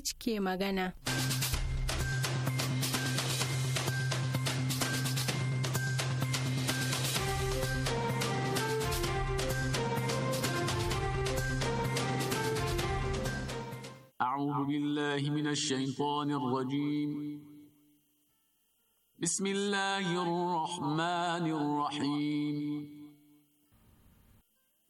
ke magana. أعوذ بالله من الشيطان الرجيم بسم الله الرحمن الرحيم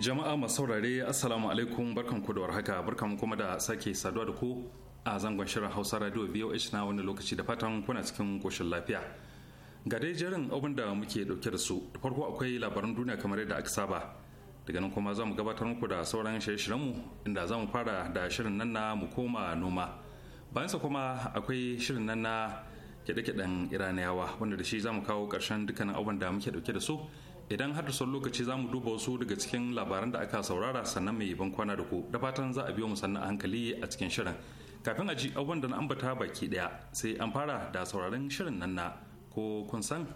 jama'a masu saurare assalamu alaikum barkan ku da warhaka barkan kuma da sake saduwa da ku a zangon shirin hausa radio voh na wani lokaci da fatan kuna cikin koshin lafiya ga dai jerin abin da muke dauke da su da farko akwai labaran duniya kamar yadda aka saba daga nan kuma za mu gabatar muku da sauran shirye mu inda za mu fara da shirin nan na mu koma noma bayan sa kuma akwai shirin nan na kyaɗe-kyaɗen iraniyawa wanda da shi za mu kawo ƙarshen dukkanin abin da muke dauke da su idan har da son lokaci za mu duba wasu daga cikin labaran da aka saurara sannan mai ban kwana da ku da fatan za a biyo mu sannan a hankali a cikin shirin kafin a ji abubuwan da na ambata baki daya sai an fara da sauraron shirin nan na ko kun san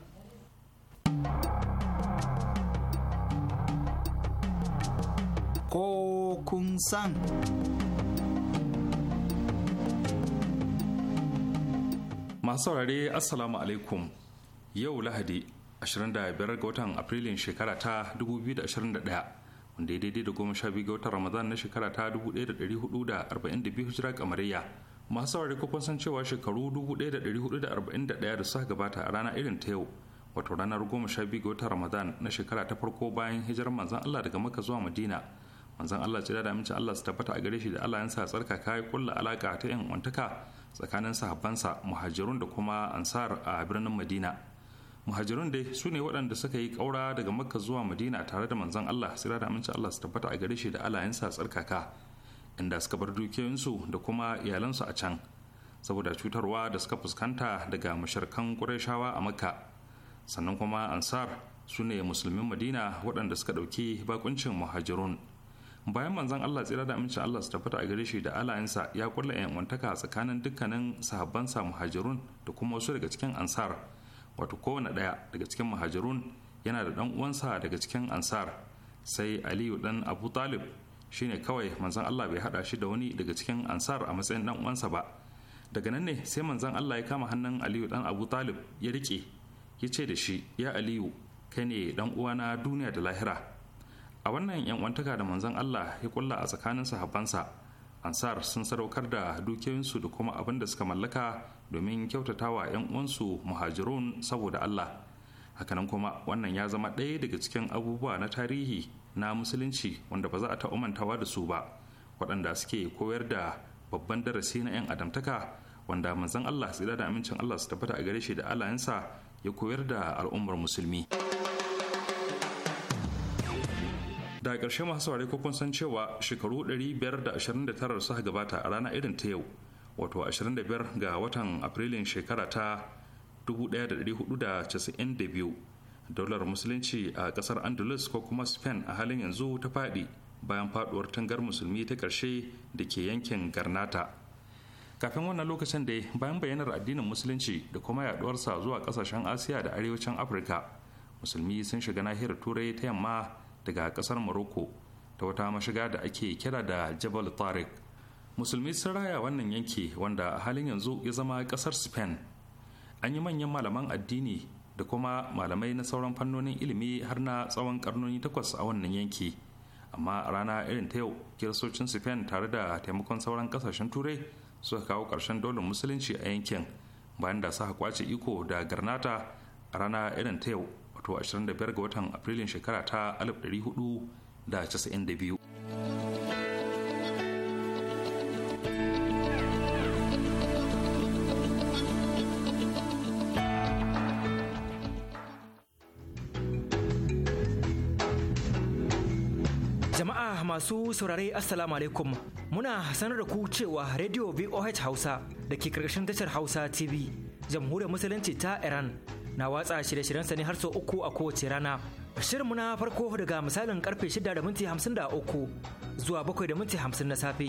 ko kun san masu saurare assalamu alaikum yau lahadi 25 ga watan afrilun shekara ta 2021 wanda ya daidai da goma sha biyu ga watan ramadan na shekara ta 1442 hijira kamariya masu saurari ko kun san cewa shekaru 1441 da suka gabata a rana irin ta yau wato ranar goma sha biyu ga watan ramadan na shekara ta farko bayan hijirar manzan allah daga maka zuwa madina manzan allah ce da amince allah su tabbata a gare shi da allah yansa tsarka, ya kulla alaka ta yan wantaka tsakanin sahabbansa muhajirun da kuma ansar a birnin madina muhajirun dai su ne waɗanda suka yi ƙaura daga makka zuwa madina tare da manzan allah sira da aminci allah su tabbata a gare shi da alayensa tsarkaka inda suka bar dukiyoyinsu da kuma iyalansu a can saboda cutarwa da suka fuskanta daga masharkan ƙurashawa a makka sannan kuma ansar su ne musulmin madina waɗanda suka ɗauki bakuncin muhajirun bayan manzan allah tsira da amincin allah su tabbata a gare shi da alayensa ya kulla yan wantaka tsakanin dukkanin sahabbansa muhajirun da kuma wasu daga cikin ansar wato kowane ɗaya daga cikin mahajirun yana da ɗan uwansa daga cikin ansar sai aliyu ɗan abu talib shine kawai manzan allah bai haɗa shi da wani daga cikin ansar a matsayin ɗan uwansa ba daga nan ne sai manzan allah ya kama hannun aliyu ɗan abu talib ya rike ya ce da shi ya aliyu kai ne ɗan uwana duniya da lahira a wannan yan wantaka da manzan allah ya kulla a tsakanin sahabbansa ansar sun sadaukar da dukiyoyinsu da kuma abin da suka mallaka domin kyautata wa 'yan uwansu muhajirun saboda Allah hakanan kuma wannan ya zama ɗaya daga cikin abubuwa na tarihi na musulunci wanda ba za a ta'umantawa mantawa da su ba waɗanda suke koyar da babban darasi na 'yan adamtaka wanda manzan Allah tsira da amincin Allah su tabbata a gare shi da alayensa ya koyar da al'ummar musulmi. Da ƙarshe masu saurare ko kun san cewa shekaru 529 suka gabata a rana irin ta yau wato 25 ga watan afrilun shekara ta 1492 daular musulunci a kasar andalus ko kuma spain a halin yanzu ta fadi bayan faduwar tangar musulmi ta karshe da ke yankin garnata kafin wannan lokacin da bayan bayyanar addinin musulunci da kuma yaduwarsa zuwa kasashen asiya da arewacin afirka musulmi sun shiga nahiyar turai ta yamma daga kasar morocco ta wata mashiga da ake kira da jabal tariq musulmi sun raya wannan yanki wanda a halin yanzu ya zama kasar spain an yi manyan malaman addini da kuma malamai na sauran fannonin ilimi har na tsawon karnoni takwas a wannan yanki amma rana irin ta yau kiristocin spain tare da taimakon sauran kasashen turai suka kawo ƙarshen dolin musulunci a yankin bayan da suka kwace iko da garnata a rana irin ta yau wato 25 ga watan afrilun shekara ta 1492 Jama'a masu saurare Assalamu alaikum muna sanar da ku cewa Radio VOH Hausa da ke karkashin tashar Hausa TV jamhuriyar musulunci ta Iran na watsa shirye-shiryen Sani har sau uku a kowace rana. Shirinmu na farko daga misalin karfe 6 da minti 53 zuwa 7 da minti 50 na safe.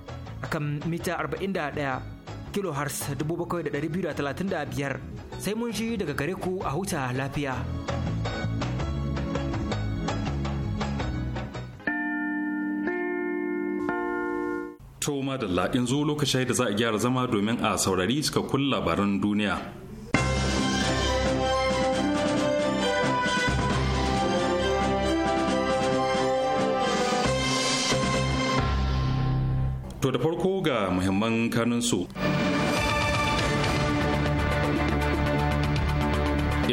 kan mita 41 kilohertz 7,235 sai mun shi daga gare ku a huta lafiya. To da la'in zo lokaci da za a gyara zama domin a saurari suka kun labaran duniya. To da farko ga muhimman kanun su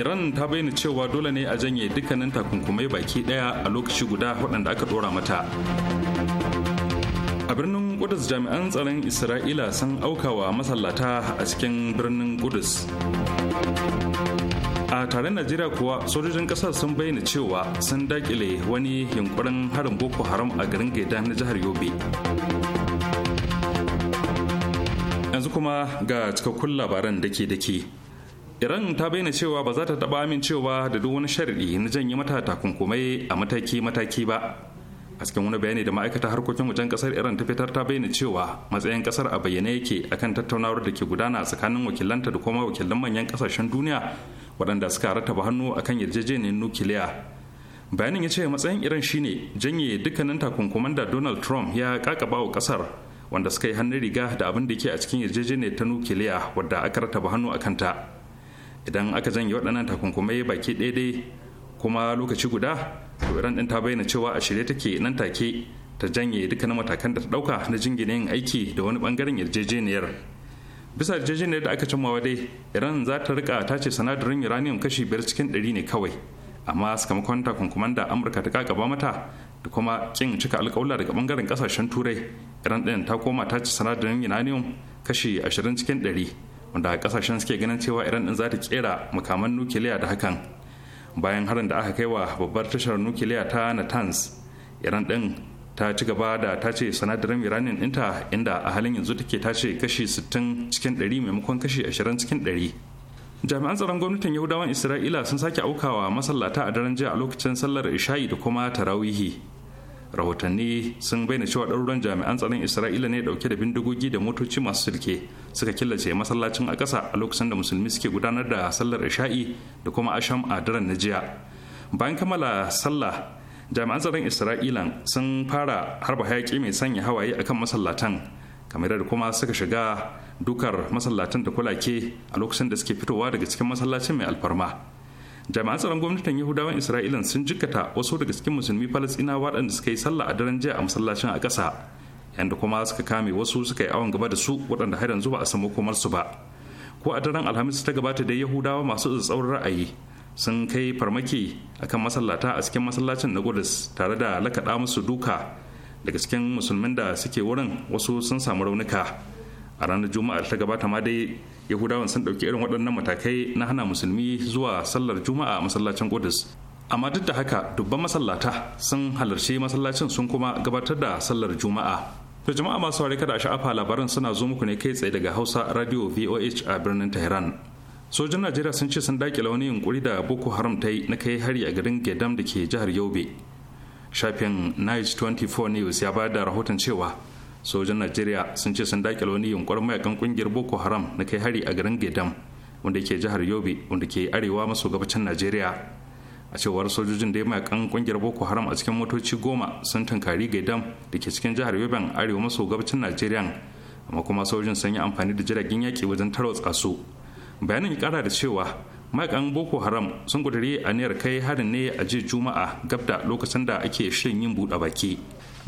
Iran ta bayyana cewa dole ne a janye dukkanin takunkumai baki daya a lokaci guda waɗanda aka ɗora mata. A birnin Kudus jami'an tsaron Isra'ila sun aukawa masallata a cikin birnin Kudus. a taron najeriya kuwa sojojin ƙasar sun bayyana cewa sun dakile wani yunkurin harin boko haram a garin gaida na jihar yobe kuma ga cikakkun labaran da ke da ke. iran ta bayyana cewa ba za ta taba amincewa da duk wani sharadi na janye mata takunkumai a mataki-mataki ba a cikin wani bayani da ma'aikata harkokin wajen kasar iran ta fitar ta bayyana cewa matsayin kasar a bayyane yake akan tattaunawar da ke gudana tsakanin wakilanta da kuma wakilan manyan kasashen duniya waɗanda suka rataba hannu akan yarjejeniyar nukiliya bayanin ya ce matsayin iran shine janye dukkanin takunkuman da donald trump ya kakaba wa kasar wanda suka yi hannun riga da abin da ke a cikin yarjejeniyar ta nukiliya wadda aka rataba hannu a kanta idan aka janye waɗannan takunkumai baki ɗaya kuma lokaci guda to iran ɗin ta bayyana cewa a shirye take nan take ta janye dukkanin matakan da ta ɗauka na jingine yin aiki da wani ɓangaren yarjejeniyar bisa yarjejeniyar da aka cimmawa dai iran za ta rika tace sinadarin uranium kashi biyar cikin ɗari ne kawai amma sakamakon takunkuman da amurka ta kakaba mata kuma kin cika alkawla daga bangaren kasashen turai iran din ta koma ta ci sanadarin uranium kashi 20 cikin 100 wanda kasashen suke ganin cewa iran din za ta kera makaman nukiliya da hakan bayan harin da aka kai wa babbar tashar nukiliya ta natanz iran din ta ci gaba da tace sanadarin uranium dinta inda a halin yanzu take tace kashi 60 cikin 100 maimakon kashi 20 cikin 100 jami'an tsaron gwamnatin yahudawan isra'ila sun sake aukawa masallata a daren jiya a lokacin sallar isha'i da kuma tarawihi rahotanni sun bayyana cewa ɗaruran jami'an tsaron isra'ila ne ɗauke da bindigogi da motoci masu sulke suka killace masallacin a ƙasa a lokacin da musulmi suke gudanar da sallar isha'i da kuma asham a daren na jiya bayan kammala sallah jami'an tsaron isra'ilan sun fara harba hayaƙi mai sanya hawaye akan masallatan kamar da kuma suka shiga dukar masallatan da kulake a lokacin da suke fitowa daga cikin masallacin mai alfarma jami'an tsaron gwamnatin yahudawan isra'ilan sun jikkata wasu daga cikin musulmi falastinawa waɗanda suka yi sallah a daren jiya a masallacin a ƙasa yanda kuma suka kame wasu suka yi awon gaba da su waɗanda har yanzu ba a samu komar su ba ko a daren alhamis ta gabata da yahudawa masu tsatsaur ra'ayi sun kai farmaki akan masallata a cikin masallacin na gudus tare da lakaɗa musu duka daga cikin musulmin da suke wurin wasu sun samu raunuka a ranar juma'ar ta gabata ma dai yahudawan sun ɗauki irin waɗannan matakai na hana musulmi zuwa sallar juma'a a masallacin kudus amma duk da haka dubban masallata sun halarci masallacin sun kuma gabatar da sallar juma'a to jama'a masu saurare kada sha'afa labarin suna zo muku ne kai tsaye daga hausa radio voh a birnin tehran sojin najeriya sun ce sun daƙile wani yunkuri da boko haram ta yi na kai hari a garin gedam da ke jihar yobe shafin night 24 news ya bayar da rahoton cewa sojan najeriya sun ce sun dakile wani yunkurin mayakan kungiyar boko haram na kai hari a garin gedam wanda ke jihar yobe wanda ke arewa maso gabacin najeriya a cewar sojojin da mayakan kungiyar boko haram a cikin motoci goma sun tunkari gaidam da ke cikin jihar yoben arewa maso gabacin najeriya amma kuma sojojin sun yi amfani da jiragen yaƙi wajen tarwatsa su bayanin ya kara da cewa mayakan boko haram sun a aniyar kai harin ne a jiya juma'a gabda lokacin da ake shirin yin buɗe baki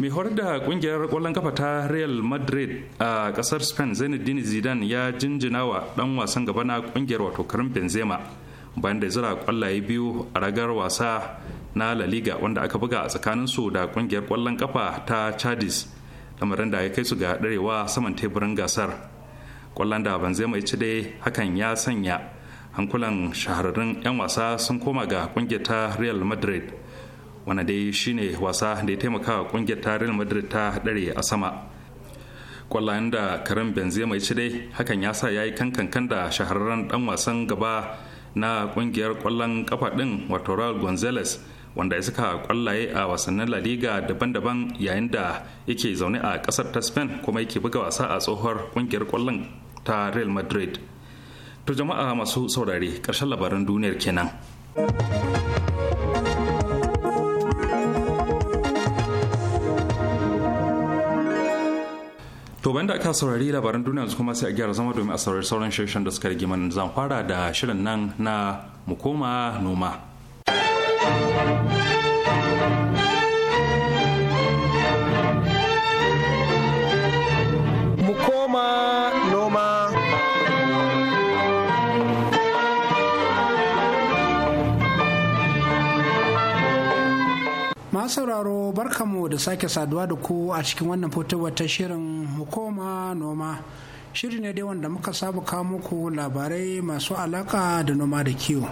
mai horar da kungiyar kwallon kafa ta real madrid a kasar spain zinedine zidane ya jinjina wa dan wasan gaba na kungiyar wato karim benzema bayan da zira kwallaye biyu a ragar wasa na la liga wanda aka buga a tsakanin su da kungiyar kwallon kafa ta chadis lamarin da ya kai su ga darewa saman teburin gasar kwallon da benzema ya ci dai hakan ya sanya hankulan shahararrun 'yan wasa sun koma ga kungiyar ta real madrid wanda dai shine wasa da ya taimaka wa kungiyar ta Real Madrid ta dare a sama kwallayen da Karim Benzema ya ci dai hakan ya sa yayi kankan da shahararren dan wasan gaba na kungiyar kwallon kafa din wato Raul Gonzalez wanda ya saka kwallaye a wasannin La Liga daban-daban yayin da yake zaune a kasar ta Spain kuma yake buga wasa a tsohuwar kungiyar kwallon ta Real Madrid. To jama'a masu saurare ƙarshen labaran duniyar kenan. To banda aka saurari labaran duniya su kuma sai a gyara zama domin a saurari sauran shirin da suka rage mana zan fara da shirin nan na mu koma noma. Mu noma. sauraro da sake saduwa da ku a cikin wannan fotowar ta shirin koma noma shiri ne dai wanda muka saba kawo muku labarai masu alaka da noma da kiwo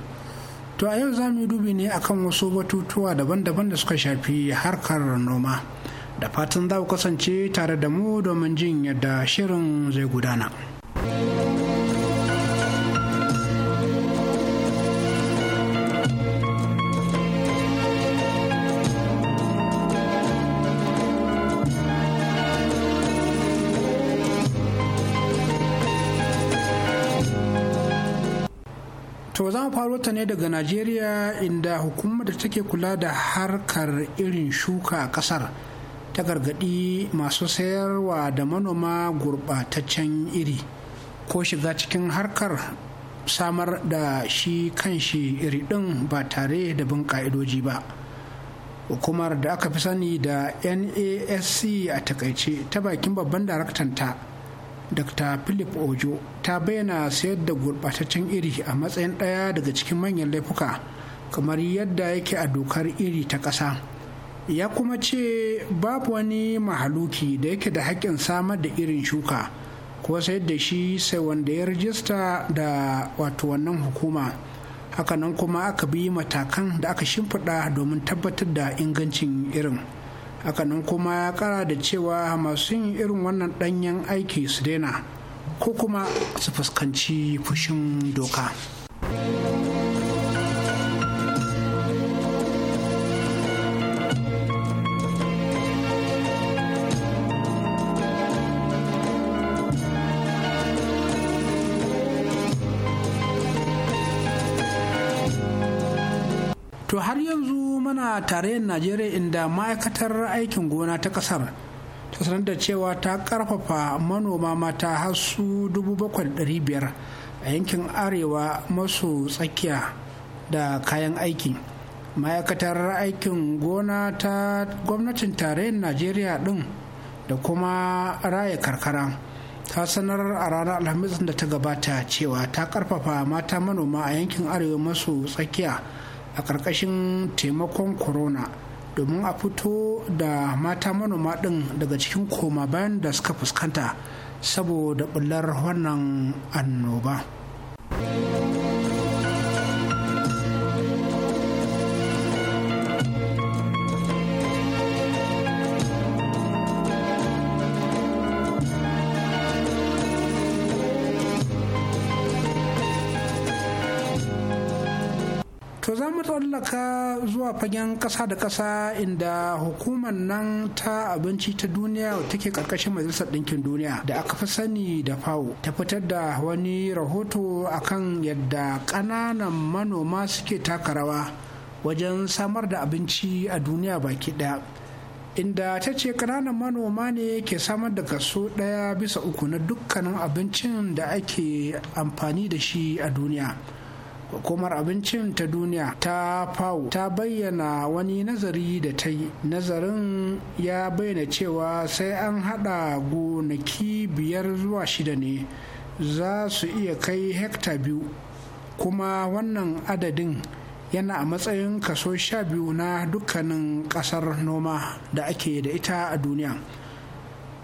to a yau za mu yi dubi ne akan wasu batutuwa daban-daban da suka shafi harkar noma da fatan za ku kasance tare da mu domin jin yadda shirin zai gudana. To za mu faro ta ne daga Najeriya inda hukumar da take kula da harkar irin shuka a ƙasar ta gargaɗi masu sayarwa da manoma gurɓataccen iri ko shiga cikin harkar samar da shi kanshi iri ɗin ba tare da bin ƙa'idoji ba. Hukumar da aka fi sani da NASC a takaice ta bakin babban daraktanta dr philip ojo ta bayyana sayar da gurɓataccen iri a matsayin ɗaya daga cikin manyan laifuka kamar yadda yake a dokar iri ta ƙasa ya kuma ce babu wani mahaluki da yake da haƙƙin samar da irin shuka ko sayar da shi sai wanda ya rijista da wato wannan hukuma hakanan kuma aka bi matakan da aka shimfiɗa domin tabbatar da ingancin irin hakanan kuma ya kara da cewa masu yin irin wannan danyen aiki su daina ko kuma su fuskanci fushin doka To har yanzu magana tarayyar najeriya inda ma'aikatar aikin gona ta kasar ta sanar da cewa ta karfafa manoma mata har su 7,500 a yankin arewa maso tsakiya da kayan aiki ma'aikatar aikin gona ta gwamnatin tarayyar najeriya din da kuma raya karkara ta sanar a ranar alhamis da ta gabata cewa ta karfafa mata manoma a yankin arewa maso tsakiya a ƙarƙashin taimakon corona domin a fito da mata manoma ɗin daga cikin koma bayan da suka fuskanta saboda ɓullar wannan annoba. tsallaka zuwa fagen ƙasa da ƙasa inda hukumar nan ta abinci ta duniya take ƙarƙashin majalisar ɗinkin duniya da aka fi sani da fawo ta fitar da wani rahoto akan yadda ƙananan manoma suke taka rawa wajen samar da abinci a duniya baki ɗaya inda ta ce ƙananan manoma ne ke samar da kaso ɗaya bisa uku na dukkanin abincin da ake amfani da shi a duniya. hukumar abincin ta duniya ta fawo ta bayyana wani nazari da ta yi nazarin ya bayyana cewa sai an hada gonaki biyar zuwa shida ne za su iya kai hekta biyu kuma wannan adadin yana a matsayin kaso sha biyu na dukkanin kasar noma da ake da ita a duniya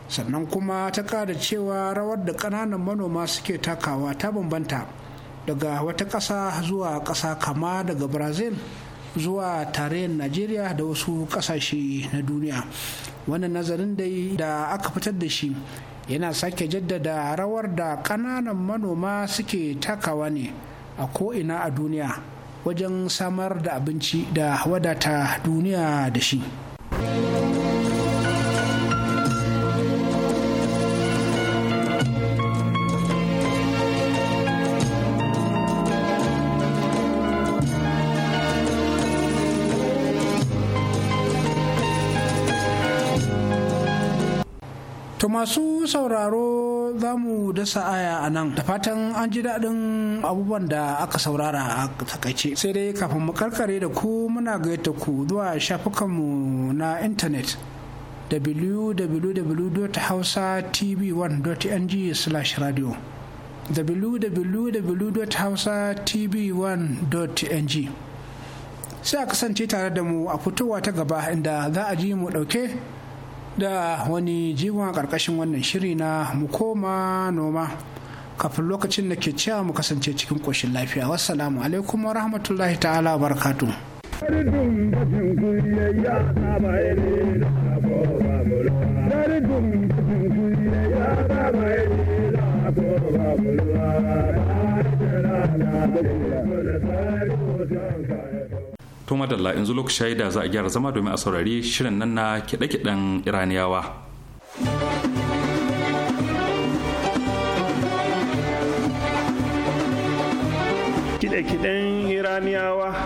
sannan kuma ta kada cewa rawar da ƙananan manoma suke takawa ta bambanta daga wata ƙasa zuwa ƙasa kama daga brazil zuwa tarayyar najeriya da wasu ƙasashe na duniya wannan nazarin dai da aka fitar da shi yana sake jaddada rawar da ƙananan manoma suke takawa ne a ko'ina a duniya wajen samar da abinci da wadata duniya da shi. To masu sauraro za mu dasa aya a nan da fatan an ji daɗin abubuwan da aka saurara a takaice. Sai dai kafin mu karkare da ku muna gaita ku zuwa shafukanmu na intanet www.hausatv1.ng/radio www.hausatv1.ng sai a kasance tare da mu a fitowa ta gaba inda za a ji mu ɗauke da wani jigon a ƙarƙashin wannan shiri na mu koma noma kafin lokacin da ke cewa mu kasance cikin ƙoshin lafiya wassalamu alaikum wa rahmatullahi ta'ala wa barakatu to madalla yanzu lokaci da za a gyara zama domin a saurari shirin nan na kiɗe-kiɗen iraniyawa kiɗe-kiɗen iraniyawa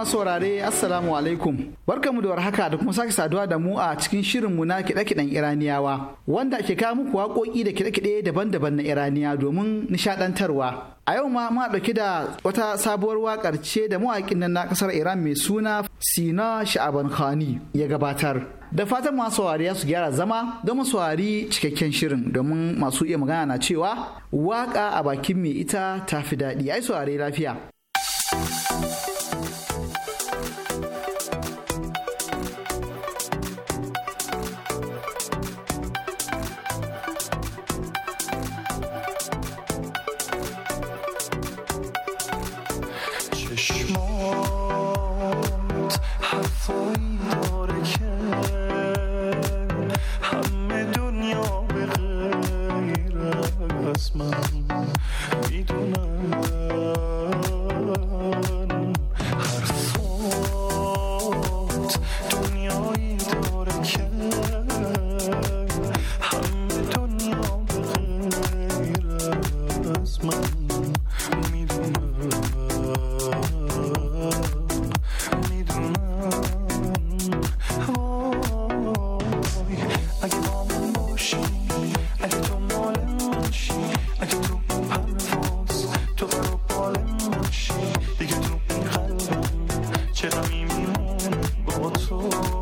masu saurare assalamu alaikum barkamu da warhaka da kuma sake saduwa da mu a cikin shirin mu na kiɗe-kiɗen iraniyawa wanda ke kawo muku waƙoƙi da kiɗe-kiɗe daban-daban na iraniya domin nishaɗantarwa a yau ma ma ɗauki da wata sabuwar wakar ce da mawaƙin nan na ƙasar iran mai suna sina sha'aban khani ya gabatar da fatan masu saurari su gyara zama don masu saurari cikakken shirin domin masu iya magana na cewa waƙa a bakin mai ita ta fi daɗi ai saurari lafiya me, mi minuno, bozzo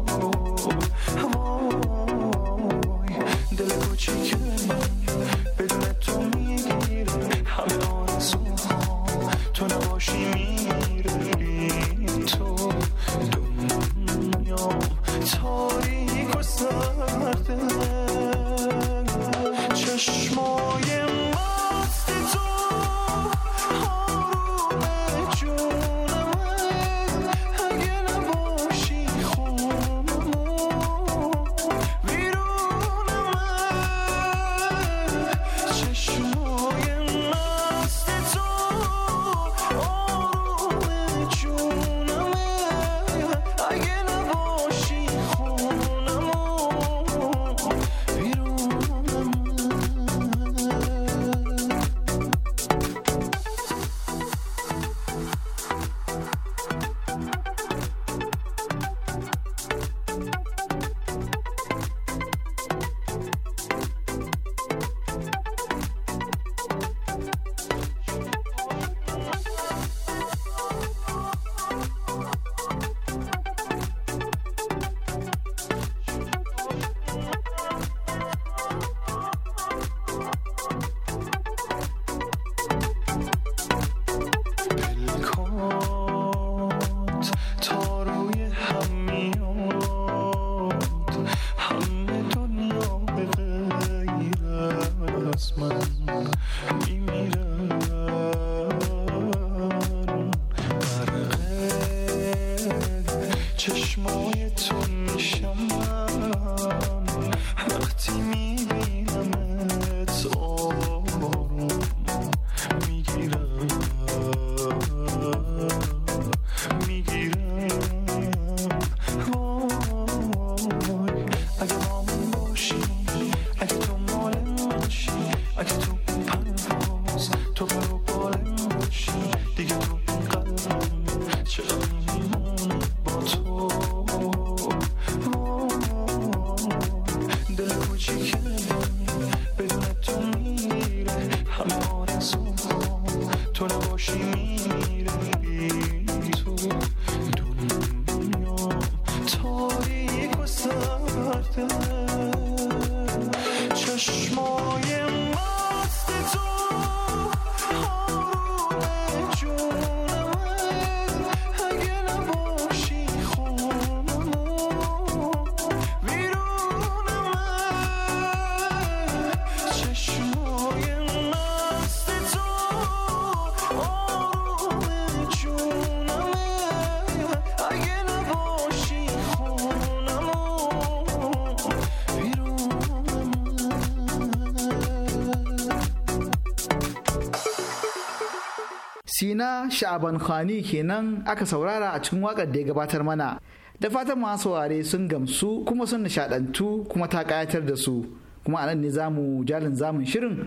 na sha'aban khani kenan aka saurara a cikin wakar da ya gabatar mana da fatan masu saurare sun gamsu kuma sun nishadantu kuma ta kayatar da su kuma anan ne zamu jalin zamun shirin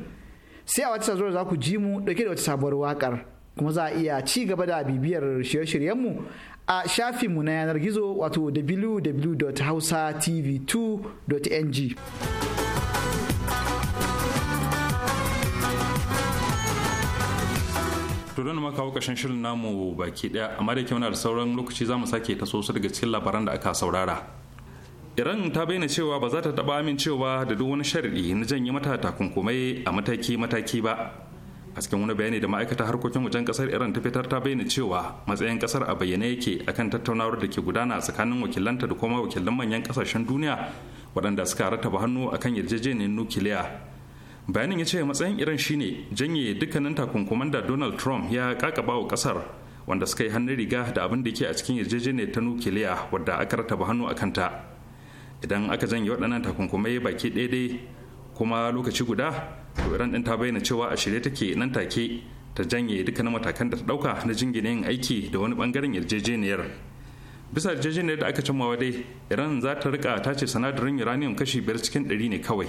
sai a wata sazuwar za ku ji mu dauke da wata sabuwar waƙar kuma za a iya ci gaba da bibiyar shirye-shiryenmu a shafinmu na yanar gizo wato www.hausatv2.ng to don maka kawo shirin namu baki daya amma da muna da sauran lokaci za mu sake taso su daga cikin labaran da aka saurara iran ta bayyana cewa ba za ta taba amincewa da duk wani sharadi na janye mata takunkumai a mataki mataki ba a cikin wani bayani da ma'aikatar harkokin wajen kasar iran ta fitar ta bayyana cewa matsayin kasar a bayyane yake akan tattaunawar da ke gudana tsakanin wakilanta da kuma wakilan manyan kasashen duniya waɗanda suka rataba hannu akan yarjejeniyar nukiliya bayanin ya ce matsayin iran shine janye dukkanin takunkuman da donald trump ya kakaba wa kasar wanda suka yi hannun riga da abin da ke a cikin yarjejeniyar ta nukiliya wadda aka rataba hannu a kanta idan aka janye waɗannan takunkumai baki daidai kuma lokaci guda to iran din ta bayyana cewa a shirye take nan take ta janye dukkanin matakan da ta ɗauka na jingine yin aiki da wani bangaren yarjejeniyar bisa yarjejeniyar da aka cimmawa dai iran za ta rika tace sinadarin uranium kashi biyar cikin ɗari ne kawai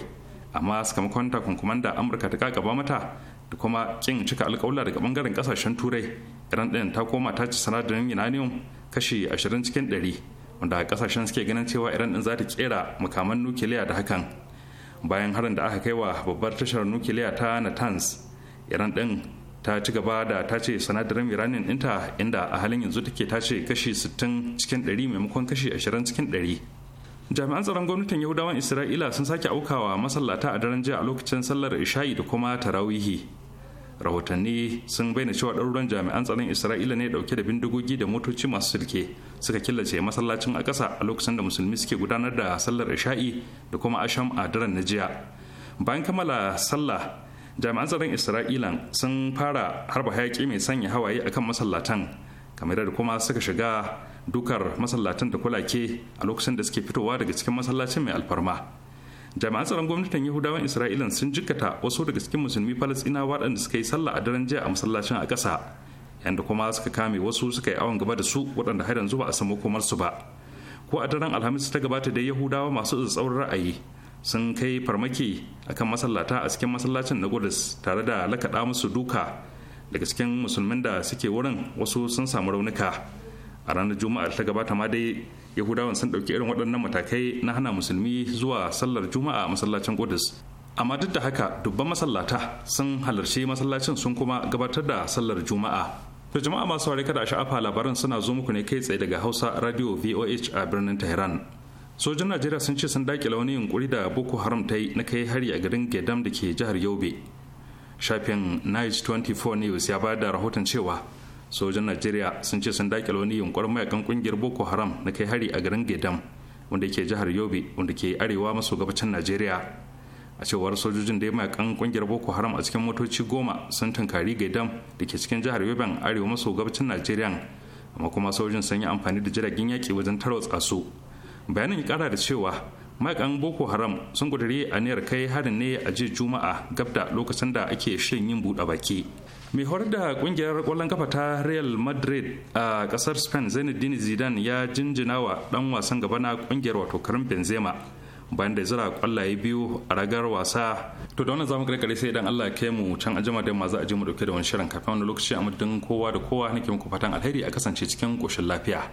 amma sakamakon takunkuman da amurka ta gaba mata da kuma kin cika alkawla daga bangaren kasashen turai iran ɗin ta koma ta ci sanadarin uranium kashi 20 cikin 100 wanda kasashen suke ganin cewa iran ɗin za ta kera makaman nukiliya da hakan bayan harin da aka kai wa babbar tashar nukiliya ta natanz iran ɗin ta ci gaba da ta ce sanadarin uranium ɗinta inda a halin yanzu take ta ce kashi 60 cikin 100 maimakon kashi 20 cikin 100 jami'an tsaron gwamnatin yahudawan isra'ila sun sake aukawa masallata a daren jiya a lokacin sallar isha'i da kuma tarawihi rahotanni sun bayyana cewa ɗaruran jami'an tsaron isra'ila ne ɗauke da bindigogi da motoci masu sulke suka killace masallacin a ƙasa a lokacin da musulmi suke gudanar da sallar isha'i da kuma asham a daren na jiya bayan kammala sallah jami'an tsaron isra'ila sun fara harba hayaƙi mai sanya hawaye akan masallatan kamar da kuma suka shiga dukar masallacin da kulake a lokacin da suke fitowa daga cikin masallacin mai alfarma jami'an tsaron gwamnatin yahudawan isra'ila sun jikkata wasu daga cikin musulmi falastinawa waɗanda suka yi sallah a daren jiya a masallacin a ƙasa yadda kuma suka kame wasu suka yi awon gaba da su waɗanda har yanzu ba a samu komar su ba ko a daren alhamis ta gabata da yahudawa masu tsatsaurin ra'ayi sun kai farmaki akan masallata a cikin masallacin na gudus tare da lakaɗa musu duka daga cikin musulmin da suke wurin wasu sun samu raunuka a ranar juma'a ta gabata ma dai yahudawan sun ɗauki irin waɗannan matakai na hana musulmi zuwa sallar juma'a a masallacin kudus amma duk da haka dubban masallata sun halarci masallacin sun kuma gabatar da sallar juma'a to jama'a masu kada a sha'afa labaran suna zo muku ne kai tsaye daga hausa radio voh a birnin tehran sojin najeriya sun ce sun dakile wani yunkuri da boko haram ta yi na kai hari a garin gedam da ke jihar yobe shafin night 24 news ya bayar da rahoton cewa sojan najeriya sun ce sun dakile wani yunkurin mayakan kungiyar boko haram na kai hari a garin gedam wanda ke jihar yobe wanda ke arewa maso gabacin najeriya a cewar sojojin da mayakan kungiyar boko haram a cikin motoci goma sun tunkari gedam da ke cikin jihar yoben arewa maso gabacin najeriya amma kuma sojojin sun yi amfani da jiragen yaƙi wajen tarwatsa su bayanin ya kara da cewa mayakan boko haram sun a aniyar kai harin ne a jiya juma'a gabda lokacin da ake shirin yin buɗe baki mai horar da kungiyar kwallon kafa ta real madrid a kasar spain zinedine zidane ya jinjina wa dan wasan gaba na kungiyar wato karim benzema bayan da zira kwallaye biyu a ragar wasa to da wannan zamu kare sai idan Allah ke mu can ajima da ma za a je mu dauke da wani shirin kafin wani lokaci a muddin kowa da kowa nake muku fatan alheri a kasance cikin koshin lafiya